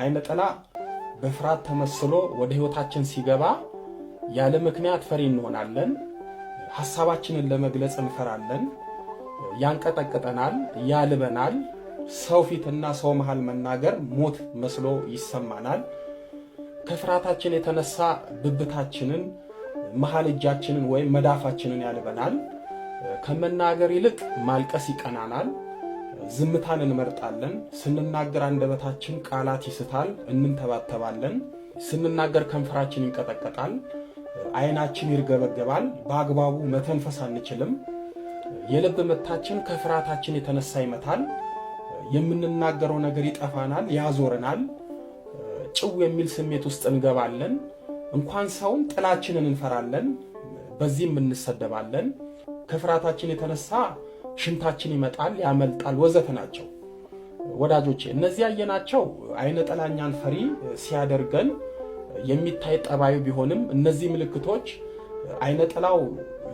አይነ ጥላ በፍርሃት ተመስሎ ወደ ህይወታችን ሲገባ ያለ ምክንያት ፈሪ እንሆናለን። ሀሳባችንን ለመግለጽ እንፈራለን። ያንቀጠቅጠናል፣ ያልበናል። ሰው ፊትና ሰው መሃል መናገር ሞት መስሎ ይሰማናል። ከፍርሃታችን የተነሳ ብብታችንን፣ መሃል እጃችንን ወይም መዳፋችንን ያልበናል። ከመናገር ይልቅ ማልቀስ ይቀናናል። ዝምታን እንመርጣለን። ስንናገር አንደበታችን ቃላት ይስታል፣ እንንተባተባለን። ስንናገር ከንፈራችን ይንቀጠቀጣል፣ አይናችን ይርገበገባል፣ በአግባቡ መተንፈስ አንችልም። የልብ ምታችን ከፍርሃታችን የተነሳ ይመታል። የምንናገረው ነገር ይጠፋናል፣ ያዞረናል። ጭው የሚል ስሜት ውስጥ እንገባለን። እንኳን ሰውን ጥላችንን እንፈራለን። በዚህም እንሰደባለን። ከፍርሃታችን የተነሳ ሽንታችን ይመጣል፣ ያመልጣል፣ ወዘተ ናቸው። ወዳጆቼ እነዚህ ያየናቸው አይነ ጠላኛን ፈሪ ሲያደርገን የሚታይ ጠባዩ ቢሆንም እነዚህ ምልክቶች አይነ ጠላው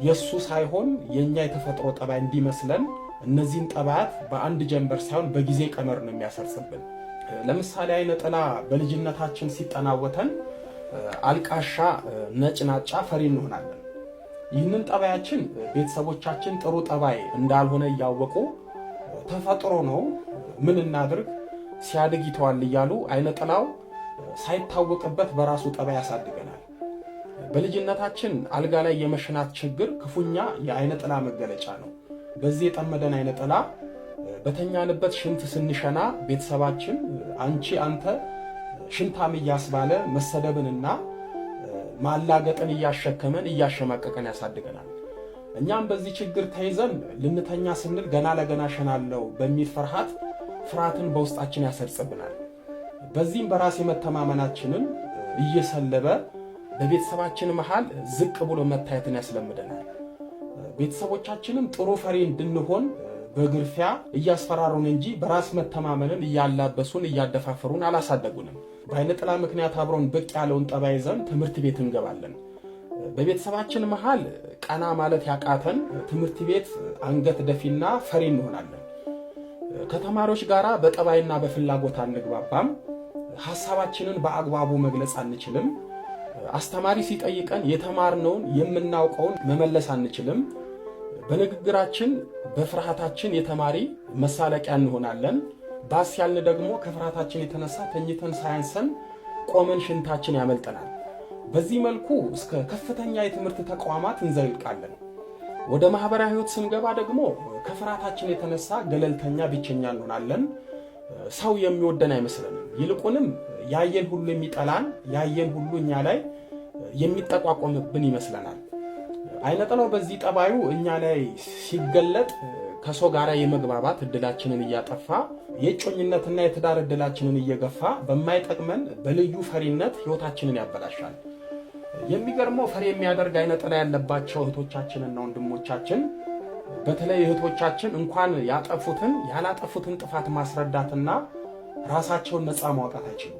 የእሱ ሳይሆን የእኛ የተፈጥሮ ጠባይ እንዲመስለን እነዚህን ጠባያት በአንድ ጀንበር ሳይሆን በጊዜ ቀመር ነው የሚያሰርስብን። ለምሳሌ አይነ ጠላ በልጅነታችን ሲጠናወተን አልቃሻ፣ ነጭናጫ፣ ፈሪ እንሆናለን። ይህንን ጠባያችን ቤተሰቦቻችን ጥሩ ጠባይ እንዳልሆነ እያወቁ ተፈጥሮ ነው ምን እናድርግ ሲያድግ ይተዋል እያሉ አይነጥላው ሳይታወቅበት በራሱ ጠባይ ያሳድገናል። በልጅነታችን አልጋ ላይ የመሽናት ችግር ክፉኛ የአይነ ጥላ መገለጫ ነው። በዚህ የጠመደን አይነ ጥላ በተኛንበት ሽንት ስንሸና ቤተሰባችን አንቺ አንተ ሽንታም እያስባለ መሰደብንና ማላገጥን እያሸከመን እያሸማቀቀን ያሳድገናል። እኛም በዚህ ችግር ተይዘን ልንተኛ ስንል ገና ለገና ሸናለው በሚል ፍርሃት ፍርሃትን በውስጣችን ያሰርጽብናል። በዚህም በራስ የመተማመናችንን እየሰለበ በቤተሰባችን መሃል ዝቅ ብሎ መታየትን ያስለምደናል። ቤተሰቦቻችንም ጥሩ ፈሪ እንድንሆን በግርፊያ እያስፈራሩን እንጂ በራስ መተማመንን እያላበሱን እያደፋፈሩን አላሳደጉንም። በአይነ ጥላ ምክንያት አብሮን ብቅ ያለውን ጠባይ ይዘን ትምህርት ቤት እንገባለን። በቤተሰባችን መሃል ቀና ማለት ያቃተን ትምህርት ቤት አንገት ደፊና ፈሪ እንሆናለን። ከተማሪዎች ጋር በጠባይና በፍላጎት አንግባባም። ሀሳባችንን በአግባቡ መግለጽ አንችልም። አስተማሪ ሲጠይቀን የተማርነውን የምናውቀውን መመለስ አንችልም። በንግግራችን በፍርሃታችን የተማሪ መሳለቂያ እንሆናለን። ባስ ያልን ደግሞ ከፍርሃታችን የተነሳ ተኝተን ሳያንሰን ቆመን ሽንታችን ያመልጠናል። በዚህ መልኩ እስከ ከፍተኛ የትምህርት ተቋማት እንዘልቃለን። ወደ ማህበራዊ ህይወት ስንገባ ደግሞ ከፍርሃታችን የተነሳ ገለልተኛ፣ ብቸኛ እንሆናለን። ሰው የሚወደን አይመስለንም። ይልቁንም ያየን ሁሉ የሚጠላን፣ ያየን ሁሉ እኛ ላይ የሚጠቋቆምብን ይመስለናል። አይነጥለው በዚህ ጠባዩ እኛ ላይ ሲገለጥ ከሰው ጋር የመግባባት እድላችንን እያጠፋ የእጮኝነትና የትዳር እድላችንን እየገፋ በማይጠቅመን በልዩ ፈሪነት ህይወታችንን ያበላሻል። የሚገርመው ፈሪ የሚያደርግ አይነጥላ ያለባቸው እህቶቻችንና ወንድሞቻችን በተለይ እህቶቻችን እንኳን ያጠፉትን ያላጠፉትን ጥፋት ማስረዳትና ራሳቸውን ነፃ ማውጣት አይችሉም።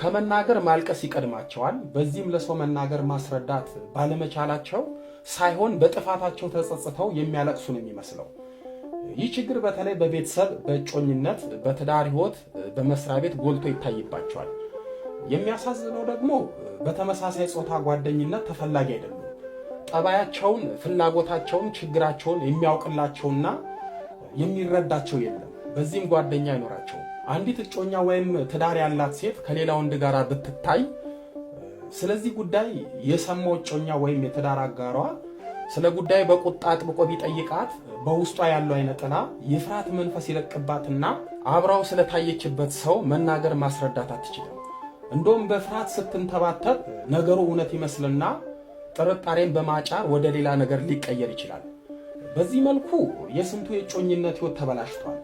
ከመናገር ማልቀስ ይቀድማቸዋል። በዚህም ለሰው መናገር ማስረዳት ባለመቻላቸው ሳይሆን በጥፋታቸው ተጸጽተው የሚያለቅሱ ነው የሚመስለው። ይህ ችግር በተለይ በቤተሰብ፣ በእጮኝነት፣ በትዳር ህይወት፣ በመስሪያ ቤት ጎልቶ ይታይባቸዋል። የሚያሳዝነው ደግሞ በተመሳሳይ ጾታ ጓደኝነት ተፈላጊ አይደሉም። ጠባያቸውን፣ ፍላጎታቸውን፣ ችግራቸውን የሚያውቅላቸውና የሚረዳቸው የለም። በዚህም ጓደኛ አይኖራቸውም። አንዲት እጮኛ ወይም ትዳር ያላት ሴት ከሌላ ወንድ ጋር ብትታይ ስለዚህ ጉዳይ የሰማው እጮኛ ወይም የትዳር አጋሯ ስለ ጉዳይ በቁጣ አጥብቆ ቢጠይቃት በውስጧ ያለው አይነ ጥላ የፍርሃት መንፈስ ይለቅባትና አብራው ስለታየችበት ሰው መናገር ማስረዳት አትችልም። እንደውም በፍርሃት ስትንተባተብ ነገሩ እውነት ይመስልና ጥርጣሬን በማጫር ወደ ሌላ ነገር ሊቀየር ይችላል። በዚህ መልኩ የስንቱ የእጮኝነት ህይወት ተበላሽቷል።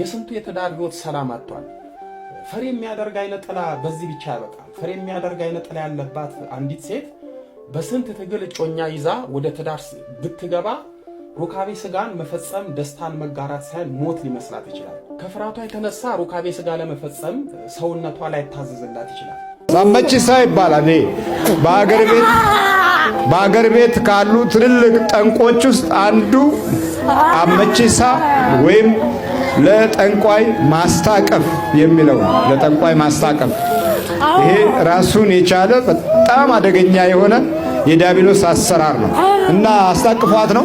የስንቱ የትዳር ህይወት ሰላም አጥቷል። ፍሬ የሚያደርግ አይነት ጥላ በዚህ ብቻ ያበቃል። ፍሬ የሚያደርግ አይነት ጥላ ያለባት አንዲት ሴት በስንት ትግል እጮኛ ይዛ ወደ ትዳር ብትገባ ሩካቤ ስጋን መፈጸም ደስታን መጋራት ሳይሆን ሞት ሊመስላት ይችላል። ከፍራቷ የተነሳ ሩካቤ ስጋ ለመፈጸም ሰውነቷ ላይ ታዘዝላት ይችላል። ሳምበቺሳ ይባላል። በሀገር ቤት በሀገር ቤት ካሉ ትልልቅ ጠንቆች ውስጥ አንዱ አመቺሳ ወይም ለጠንቋይ ማስታቀፍ የሚለው ለጠንቋይ ማስታቀፍ ይሄ ራሱን የቻለ በጣም አደገኛ የሆነ የዲያብሎስ አሰራር ነው እና አስታቅፏት ነው።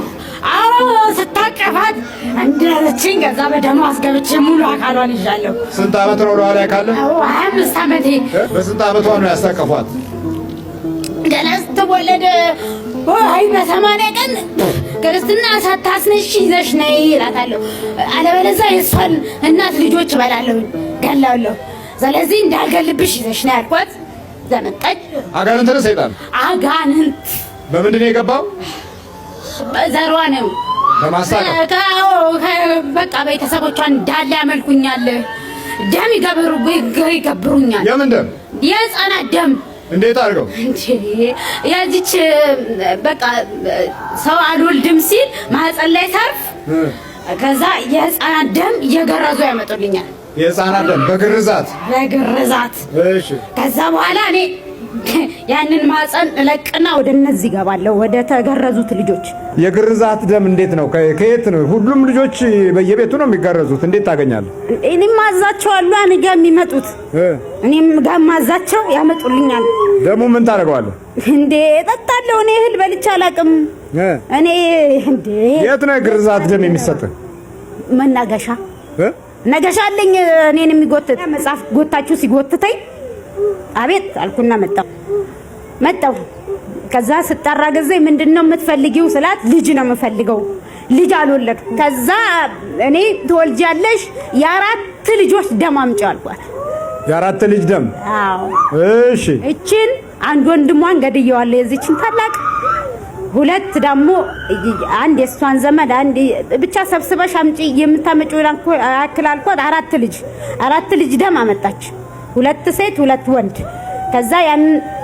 አዎ ስታቀፋት እንዳለችኝ ከዛ በደሞ አስገብቼ ሙሉ አካሏን ይዣለሁ። ስንት ዓመት ነው ለኋላ ያካለ? አምስት ዓመቴ። በስንት ዓመቷ ነው ያስታቀፏት? ገና ስትወለድ አይ በሰማንያ ቀን ክርስትና ሳታስነሽ ይዘሽ ነይ እላታለሁ። አለበለዚያ የእሷን እናት ልጆች እበላለሁ ገላለሁ። ስለዚህ እንዳልገልብሽ ይዘሽ ነይ አልኳት። ዘመጣች አጋንንት ነው ሰይጣን አጋንንት በምንድን ነው የገባው? በዘሯ ነው በማሳቀቅ በቃ ቤተሰቦቿ እንዳለ ያመልኩኛል። ደም ይገብሩ ይገብሩኛል። የምን ደም? የህፃናት ደም እንዴት አድርገው ያዚች በቃ ሰው አልወልድም ሲል ማህፀን ላይ ታርፍ ከዛ የህፃናት ደም እየገረዙ ያመጡልኛል። የህፃናት ደም በግርዛት በግርዛት። እሺ ከዛ በኋላ እኔ ያንን ማፀን እለቅና ወደ እነዚህ እገባለሁ፣ ወደ ተገረዙት ልጆች። የግርዛት ደም እንዴት ነው? ከየት ነው? ሁሉም ልጆች በየቤቱ ነው የሚገረዙት። እንዴት ታገኛለህ? እኔም ማዛቸዋለሁ። እኔ ጋር የሚመጡት እኔም ጋ ማዛቸው ያመጡልኛል። ደሙ ምን ታደርገዋለህ? እንዴ እጠጣለሁ። እኔ እህል በልቼ አላውቅም። እኔ እንዴ የት ነው የግርዛት ደም የሚሰጥ? መናገሻ ነገሻ አለኝ። እኔን የሚጎትት መጽሐፍ ጎታችሁ ሲጎትተኝ አቤት አልኩና መጣሁ መጣሁ። ከዛ ስጠራ ጊዜ ምንድን ነው የምትፈልጊው ስላት ልጅ ነው የምፈልገው ልጅ አልወለድ። ከዛ እኔ ትወልጃለሽ የአራት ልጆች ደም አምጪ አልኳት። የአራት ልጅ ደም? አዎ። እሺ። እቺን አንድ ወንድሟን ገድየዋለሁ የዚችን ታላቅ ሁለት ደግሞ አንድ የእሷን ዘመድ አንድ ብቻ ሰብስበሽ አምጪ የምታመጪው ያክል አልኳት። አራት ልጅ አራት ልጅ ደም አመጣች። ሁለት ሴት ሁለት ወንድ። ከዛ ያን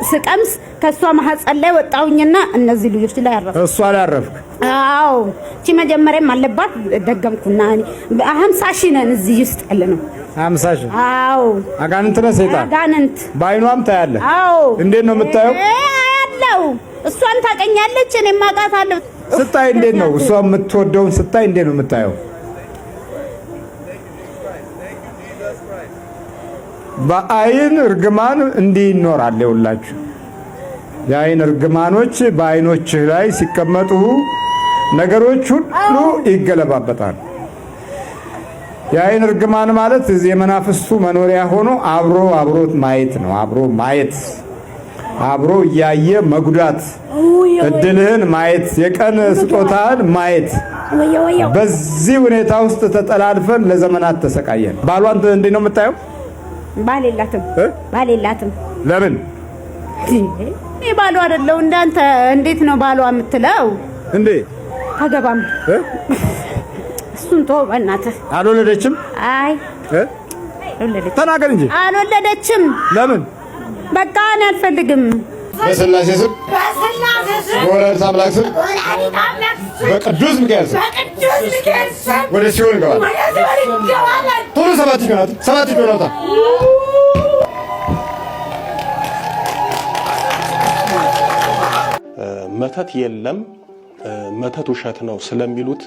ስቀምስ ከሷ ማህፀን ላይ ወጣሁኝና እነዚህ ልጆች ላይ አረፍኩ። እሷ ላይ አረፍክ? አዎ። እቺ መጀመሪያም አለባት ደገምኩና እኔ 50 ሺህ ነን እዚህ ውስጥ ያለ ነው። 50 ሺህ? አዎ። አጋንንት ነው ሰይጣን። አጋንንት ባይኗም ታያለ? አዎ። እንዴት ነው የምታየው? አያለው። እሷን ታቀኛለች፣ እኔም አውቃታለሁ። ስታይ እንዴት ነው እሷ የምትወደውን ስታይ እንዴት ነው የምታየው? በአይን እርግማን እንዲህ ይኖራል። ይውላችሁ የአይን እርግማኖች በአይኖች ላይ ሲቀመጡ ነገሮች ሁሉ ይገለባበጣል። የአይን እርግማን ማለት የመናፍስቱ መኖሪያ ሆኖ አብሮ አብሮት ማየት ነው። አብሮ ማየት፣ አብሮ እያየ መጉዳት፣ እድልህን ማየት፣ የቀን ስጦታህን ማየት። በዚህ ሁኔታ ውስጥ ተጠላልፈን ለዘመናት ተሰቃየን። ባሏን እንዲህ ነው የምታየው ባል የላትም ባል የላትም። ለምን እኔ ባሏ አይደለሁ። እንዳንተ እንዴት ነው ባሏ የምትለው እንዴ? አገባም እሱን ተወው በእናትህ። አልወለደችም። አይ ተናገር እንጂ አልወለደችም። ለምን? በቃ እኔ አልፈልግም። በስላሴ ስም በወላዲተ አምላክ ስም በቅዱስ ሚካኤል ስም ወደ ሲኦል እንገባለን። ቶሎ ሰባት ይሆናል፣ ሰባት ይሆናል። መተት የለም መተት ውሸት ነው ስለሚሉት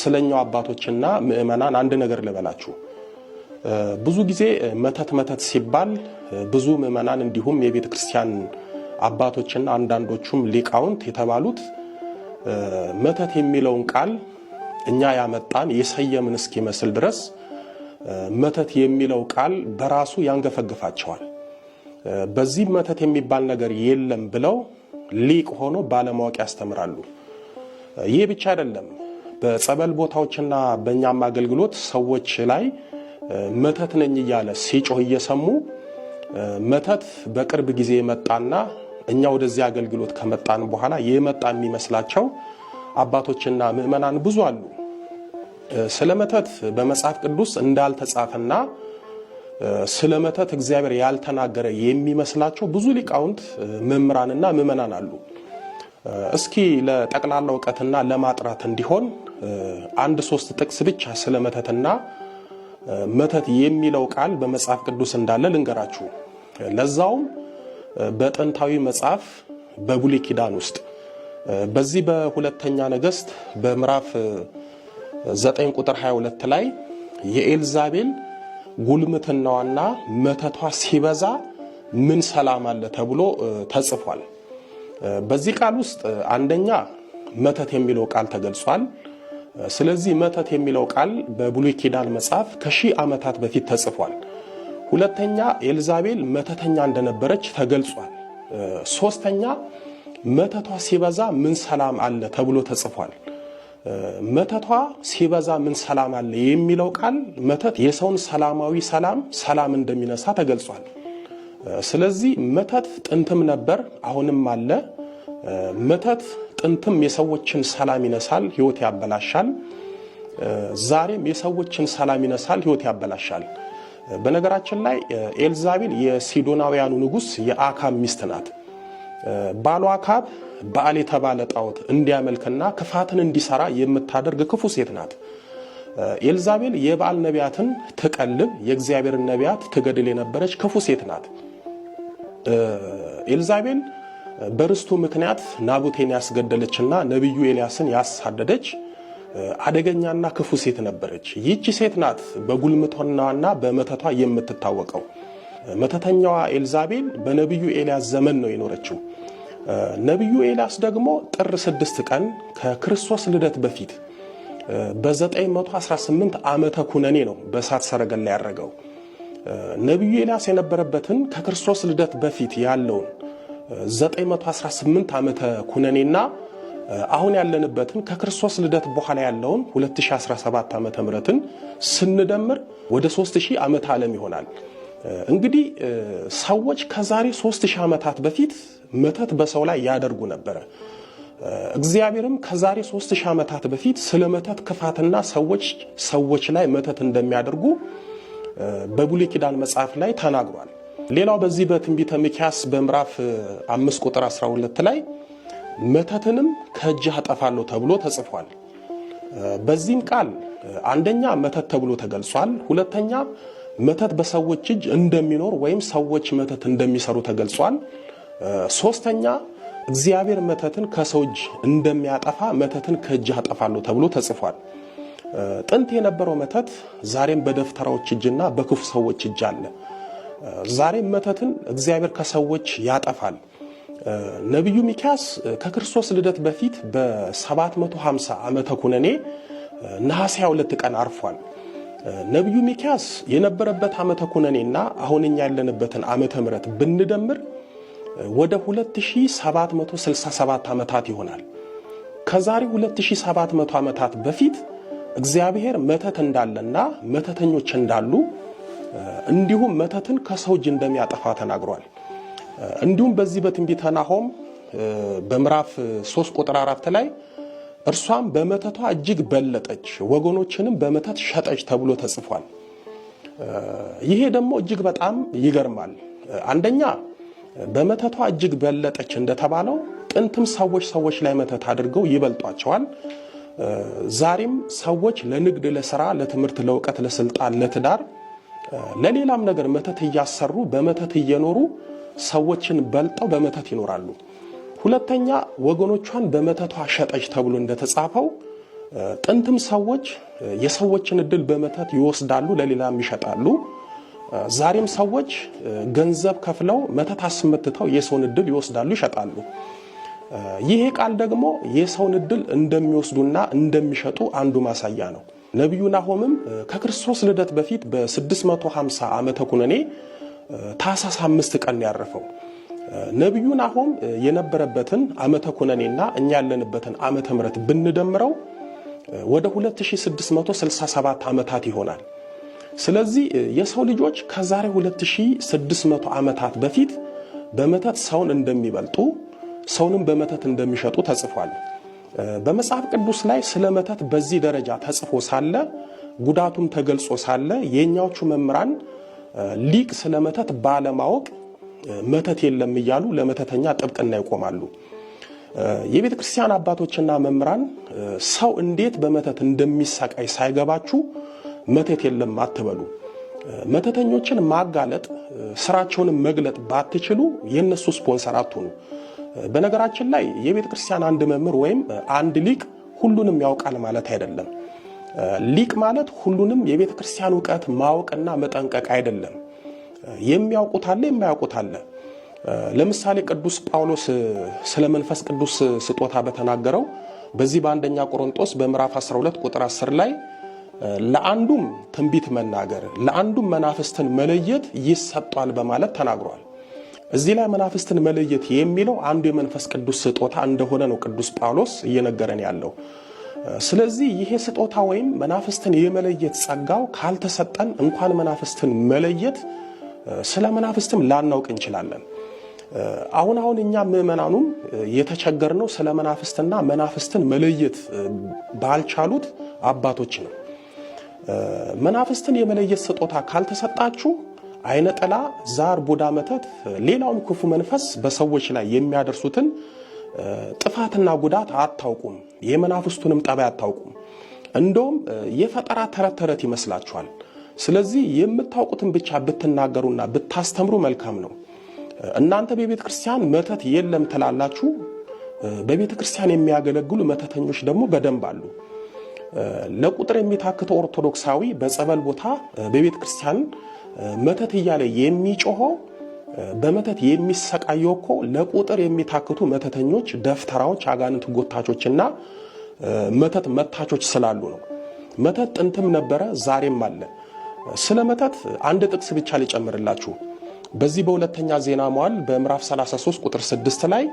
ስለኛው አባቶችና ምዕመናን አንድ ነገር ልበላችሁ። ብዙ ጊዜ መተት መተት ሲባል ብዙ ምዕመናን እንዲሁም የቤተ ክርስቲያን አባቶችና አንዳንዶቹም ሊቃውንት የተባሉት መተት የሚለውን ቃል እኛ ያመጣን የሰየምን እስኪመስል ድረስ መተት የሚለው ቃል በራሱ ያንገፈግፋቸዋል። በዚህ መተት የሚባል ነገር የለም ብለው ሊቅ ሆኖ ባለማወቅ ያስተምራሉ። ይህ ብቻ አይደለም። በጸበል ቦታዎችና በእኛም አገልግሎት ሰዎች ላይ መተት ነኝ እያለ ሲጮህ እየሰሙ መተት በቅርብ ጊዜ መጣና እኛ ወደዚህ አገልግሎት ከመጣን በኋላ የመጣ የሚመስላቸው አባቶችና ምዕመናን ብዙ አሉ። ስለ መተት በመጽሐፍ ቅዱስ እንዳልተጻፈና ስለ መተት እግዚአብሔር ያልተናገረ የሚመስላቸው ብዙ ሊቃውንት መምህራንና ምዕመናን አሉ። እስኪ ለጠቅላላ እውቀትና ለማጥራት እንዲሆን አንድ ሶስት ጥቅስ ብቻ ስለ መተትና መተት የሚለው ቃል በመጽሐፍ ቅዱስ እንዳለ ልንገራችሁ ለዛውም በጥንታዊ መጽሐፍ በብሉይ ኪዳን ውስጥ በዚህ በሁለተኛ ነገሥት በምዕራፍ 9 ቁጥር 22 ላይ የኤልዛቤል ጉልምትናዋና መተቷ ሲበዛ ምን ሰላም አለ ተብሎ ተጽፏል። በዚህ ቃል ውስጥ አንደኛ መተት የሚለው ቃል ተገልጿል። ስለዚህ መተት የሚለው ቃል በብሉይ ኪዳን መጽሐፍ ከሺህ ዓመታት በፊት ተጽፏል። ሁለተኛ ኤልዛቤል መተተኛ እንደነበረች ተገልጿል። ሶስተኛ መተቷ ሲበዛ ምን ሰላም አለ ተብሎ ተጽፏል። መተቷ ሲበዛ ምን ሰላም አለ የሚለው ቃል መተት የሰውን ሰላማዊ ሰላም ሰላም እንደሚነሳ ተገልጿል። ስለዚህ መተት ጥንትም ነበር፣ አሁንም አለ። መተት ጥንትም የሰዎችን ሰላም ይነሳል፣ ሕይወት ያበላሻል። ዛሬም የሰዎችን ሰላም ይነሳል፣ ሕይወት ያበላሻል። በነገራችን ላይ ኤልዛቤል የሲዶናውያኑ ንጉሥ የአካብ ሚስት ናት። ባሉ አካብ በዓል የተባለ ጣዖት እንዲያመልክና ክፋትን እንዲሰራ የምታደርግ ክፉ ሴት ናት። ኤልዛቤል የበዓል ነቢያትን ትቀልብ፣ የእግዚአብሔርን ነቢያት ትገድል የነበረች ክፉ ሴት ናት። ኤልዛቤል በርስቱ ምክንያት ናቡቴን ያስገደለችና ነቢዩ ኤልያስን ያሳደደች አደገኛና ክፉ ሴት ነበረች። ይህቺ ሴት ናት በጉልምቶናና በመተቷ የምትታወቀው። መተተኛዋ ኤልዛቤል በነቢዩ ኤልያስ ዘመን ነው የኖረችው። ነቢዩ ኤልያስ ደግሞ ጥር ስድስት ቀን ከክርስቶስ ልደት በፊት በ918 ዓመተ ኩነኔ ነው በእሳት ሰረገላ ያረገው። ነቢዩ ኤልያስ የነበረበትን ከክርስቶስ ልደት በፊት ያለውን 918 ዓመተ ኩነኔና አሁን ያለንበትን ከክርስቶስ ልደት በኋላ ያለውን 2017 ዓመተ ምህረትን ስንደምር ወደ 3000 ዓመት ዓለም ይሆናል። እንግዲህ ሰዎች ከዛሬ 3000 ዓመታት በፊት መተት በሰው ላይ ያደርጉ ነበረ። እግዚአብሔርም ከዛሬ 3000 ዓመታት በፊት ስለ መተት ክፋትና ሰዎች ሰዎች ላይ መተት እንደሚያደርጉ በብሉይ ኪዳን መጽሐፍ ላይ ተናግሯል። ሌላው በዚህ በትንቢተ ሚክያስ በምዕራፍ 5 ቁጥር 12 ላይ መተትንም ከእጅህ አጠፋለሁ ተብሎ ተጽፏል። በዚህም ቃል አንደኛ መተት ተብሎ ተገልጿል። ሁለተኛ መተት በሰዎች እጅ እንደሚኖር ወይም ሰዎች መተት እንደሚሰሩ ተገልጿል። ሶስተኛ እግዚአብሔር መተትን ከሰው እጅ እንደሚያጠፋ መተትን ከእጅ አጠፋለሁ ተብሎ ተጽፏል። ጥንት የነበረው መተት ዛሬም በደፍተራዎች እጅና በክፉ ሰዎች እጅ አለ። ዛሬም መተትን እግዚአብሔር ከሰዎች ያጠፋል። ነቢዩ ሚክያስ ከክርስቶስ ልደት በፊት በ750 ዓመተ ኩነኔ ነሐሴ 22 ቀን አርፏል። ነቢዩ ሚኪያስ የነበረበት ዓመተ ኩነኔና አሁን እኛ ያለንበትን ዓመተ ምሕረት ብንደምር ወደ 2767 ዓመታት ይሆናል። ከዛሬ 2700 ዓመታት በፊት እግዚአብሔር መተት እንዳለና መተተኞች እንዳሉ እንዲሁም መተትን ከሰው እጅ እንደሚያጠፋ ተናግሯል። እንዲሁም በዚህ በትንቢተ ናሆም በምዕራፍ 3 ቁጥር አራት ላይ እርሷም በመተቷ እጅግ በለጠች ወገኖችንም በመተት ሸጠች ተብሎ ተጽፏል። ይሄ ደግሞ እጅግ በጣም ይገርማል። አንደኛ በመተቷ እጅግ በለጠች እንደተባለው ጥንትም ሰዎች ሰዎች ላይ መተት አድርገው ይበልጧቸዋል። ዛሬም ሰዎች ለንግድ፣ ለስራ፣ ለትምህርት፣ ለእውቀት፣ ለስልጣን፣ ለትዳር፣ ለሌላም ነገር መተት እያሰሩ በመተት እየኖሩ ሰዎችን በልጠው በመተት ይኖራሉ። ሁለተኛ ወገኖቿን በመተቷ ሸጠች ተብሎ እንደተጻፈው ጥንትም ሰዎች የሰዎችን እድል በመተት ይወስዳሉ፣ ለሌላም ይሸጣሉ። ዛሬም ሰዎች ገንዘብ ከፍለው መተት አስመትተው የሰውን እድል ይወስዳሉ፣ ይሸጣሉ። ይሄ ቃል ደግሞ የሰውን እድል እንደሚወስዱና እንደሚሸጡ አንዱ ማሳያ ነው። ነቢዩ ናሆምም ከክርስቶስ ልደት በፊት በ650 ዓመተ ኩነኔ ታህሳስ አምስት ቀን ያረፈው። ነቢዩ ናሆም የነበረበትን ዓመተ ኩነኔና እኛ ያለንበትን ዓመተ ምሕረት ብንደምረው ወደ 2667 ዓመታት ይሆናል። ስለዚህ የሰው ልጆች ከዛሬ 2600 ዓመታት በፊት በመተት ሰውን እንደሚበልጡ ሰውንም በመተት እንደሚሸጡ ተጽፏል። በመጽሐፍ ቅዱስ ላይ ስለ መተት በዚህ ደረጃ ተጽፎ ሳለ ጉዳቱም ተገልጾ ሳለ የእኛዎቹ መምህራን ሊቅ ስለ መተት ባለማወቅ መተት የለም እያሉ ለመተተኛ ጥብቅና ይቆማሉ። የቤተ ክርስቲያን አባቶችና መምህራን ሰው እንዴት በመተት እንደሚሰቃይ ሳይገባችሁ መተት የለም አትበሉ። መተተኞችን ማጋለጥ ስራቸውንም መግለጥ ባትችሉ የእነሱ ስፖንሰር አትሆኑ። በነገራችን ላይ የቤተ ክርስቲያን አንድ መምህር ወይም አንድ ሊቅ ሁሉንም ያውቃል ማለት አይደለም። ሊቅ ማለት ሁሉንም የቤተ ክርስቲያን እውቀት ማወቅና መጠንቀቅ አይደለም። የሚያውቁት አለ፣ የማያውቁት አለ። ለምሳሌ ቅዱስ ጳውሎስ ስለ መንፈስ ቅዱስ ስጦታ በተናገረው በዚህ በአንደኛ ቆሮንጦስ በምዕራፍ 12 ቁጥር 10 ላይ ለአንዱም ትንቢት መናገር ለአንዱም መናፍስትን መለየት ይሰጧል በማለት ተናግሯል። እዚህ ላይ መናፍስትን መለየት የሚለው አንዱ የመንፈስ ቅዱስ ስጦታ እንደሆነ ነው ቅዱስ ጳውሎስ እየነገረን ያለው። ስለዚህ ይሄ ስጦታ ወይም መናፍስትን የመለየት ጸጋው ካልተሰጠን እንኳን መናፍስትን መለየት ስለ መናፍስትም ላናውቅ እንችላለን። አሁን አሁን እኛ ምዕመናኑም የተቸገርነው ስለ መናፍስትና መናፍስትን መለየት ባልቻሉት አባቶች ነው። መናፍስትን የመለየት ስጦታ ካልተሰጣችሁ አይነ ዛር፣ ቡዳ፣ መተት፣ ሌላውም ክፉ መንፈስ በሰዎች ላይ የሚያደርሱትን ጥፋትና ጉዳት አታውቁም፣ የመናፍስቱንም ጠባይ አታውቁም። እንደውም የፈጠራ ተረት ተረት ይመስላችኋል። ስለዚህ የምታውቁትን ብቻ ብትናገሩና ብታስተምሩ መልካም ነው። እናንተ በቤተ ክርስቲያን መተት የለም ትላላችሁ። በቤተ ክርስቲያን የሚያገለግሉ መተተኞች ደግሞ በደንብ አሉ። ለቁጥር የሚታክተው ኦርቶዶክሳዊ በጸበል ቦታ በቤተ ክርስቲያን መተት እያለ የሚጮኸው በመተት የሚሰቃየው እኮ ለቁጥር የሚታክቱ መተተኞች፣ ደፍተራዎች፣ አጋንንት ጎታቾችና መተት መታቾች ስላሉ ነው። መተት ጥንትም ነበረ፣ ዛሬም አለ። ስለ መተት አንድ ጥቅስ ብቻ ሊጨምርላችሁ። በዚህ በሁለተኛ ዜና መዋዕል በምዕራፍ 33 ቁጥር 6 ላይ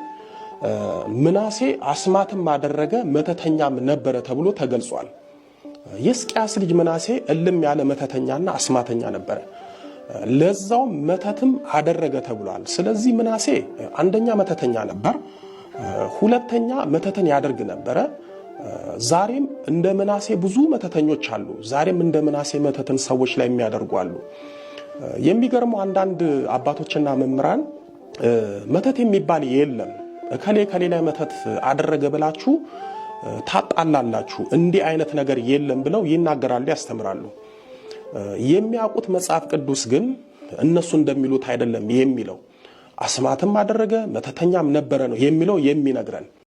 ምናሴ አስማትም አደረገ መተተኛም ነበረ ተብሎ ተገልጿል። የስቅያስ ልጅ ምናሴ እልም ያለ መተተኛና አስማተኛ ነበረ። ለዛውም መተትም አደረገ ተብሏል። ስለዚህ ምናሴ አንደኛ መተተኛ ነበር፣ ሁለተኛ መተትን ያደርግ ነበረ። ዛሬም እንደ ምናሴ ብዙ መተተኞች አሉ። ዛሬም እንደ ምናሴ መተትን ሰዎች ላይ የሚያደርጉ አሉ። የሚገርመው አንዳንድ አባቶችና መምህራን መተት የሚባል የለም እከሌ ከሌ ላይ መተት አደረገ ብላችሁ ታጣላላችሁ፣ እንዲህ አይነት ነገር የለም ብለው ይናገራሉ፣ ያስተምራሉ። የሚያውቁት መጽሐፍ ቅዱስ ግን እነሱ እንደሚሉት አይደለም የሚለው አስማትም አደረገ መተተኛም ነበረ ነው የሚለው የሚነግረን